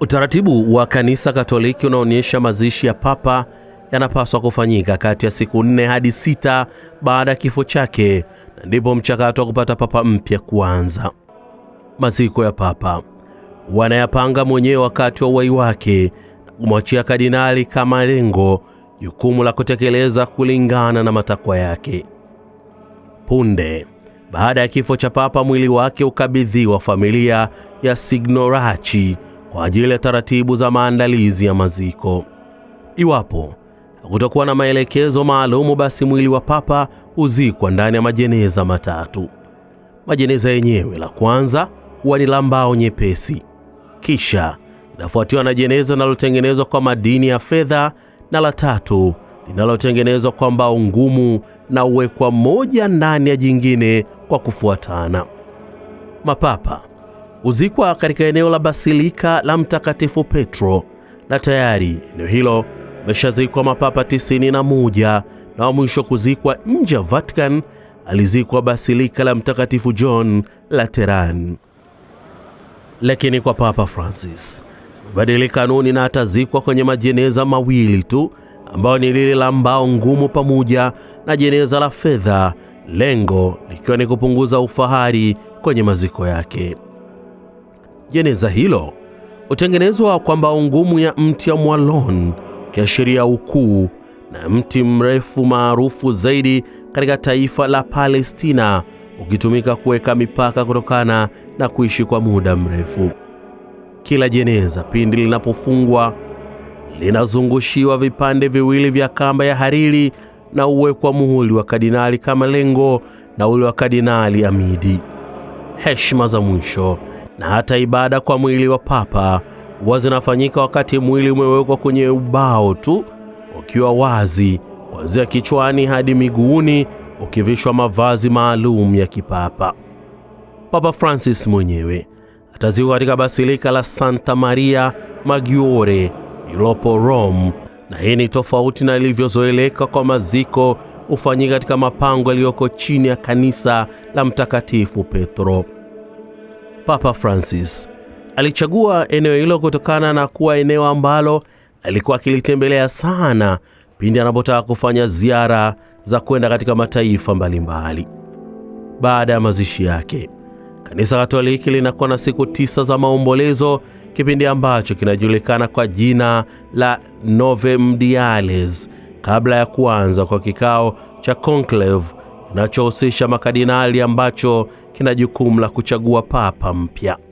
Utaratibu wa Kanisa Katoliki unaonyesha mazishi ya Papa yanapaswa kufanyika kati ya siku nne hadi sita baada ya kifo chake, na ndipo mchakato wa kupata papa mpya kuanza. Maziko ya papa wanayapanga mwenyewe wakati wa uwai wake na kumwachia Kardinali kama lengo jukumu la kutekeleza kulingana na matakwa yake. Punde baada ya kifo cha papa, mwili wake ukabidhiwa familia ya Signorachi kwa ajili ya taratibu za maandalizi ya maziko. Iwapo kutakuwa na maelekezo maalumu, basi mwili wa papa huzikwa ndani ya majeneza matatu. Majeneza yenyewe la kwanza huwa ni la mbao nyepesi, kisha linafuatiwa na jeneza linalotengenezwa kwa madini ya fedha, na la tatu linalotengenezwa kwa mbao ngumu na uwekwa moja ndani ya jingine kwa kufuatana. Mapapa huzikwa katika eneo la basilika la Mtakatifu Petro, na tayari eneo hilo limeshazikwa mapapa tisini na moja na wa mwisho kuzikwa nje ya Vatican alizikwa basilika la Mtakatifu John Lateran. Lakini kwa Papa Francis mabadili kanuni na atazikwa kwenye majeneza mawili tu ambayo ni lile la mbao ngumu pamoja na jeneza la fedha, lengo likiwa ni kupunguza ufahari kwenye maziko yake jeneza hilo hutengenezwa kwa mbao ngumu ya mti wa mwalon, ukiashiria ukuu, na mti mrefu maarufu zaidi katika taifa la Palestina, ukitumika kuweka mipaka kutokana na kuishi kwa muda mrefu. Kila jeneza pindi linapofungwa linazungushiwa vipande viwili vya kamba ya hariri na uwekwa muhuri wa Kardinali Kamalengo na ule wa Kardinali Amidi. Heshima za mwisho na hata ibada kwa mwili wa papa huwa zinafanyika wakati mwili umewekwa kwenye ubao tu ukiwa wazi kuanzia kichwani hadi miguuni, ukivishwa mavazi maalum ya kipapa. Papa Francis mwenyewe atazikwa katika basilika la Santa Maria Maggiore iliyopo Rome, na hii ni tofauti na ilivyozoeleka kwa maziko hufanyika katika mapango yaliyoko chini ya kanisa la Mtakatifu Petro. Papa Francis alichagua eneo hilo kutokana na kuwa eneo ambalo alikuwa akilitembelea sana pindi anapotaka kufanya ziara za kwenda katika mataifa mbalimbali. Baada ya mazishi yake, Kanisa Katoliki linakuwa na siku tisa za maombolezo, kipindi ambacho kinajulikana kwa jina la novemdiales kabla ya kuanza kwa kikao cha conclave kinachohusisha makadinali ambacho kina jukumu la kuchagua papa mpya.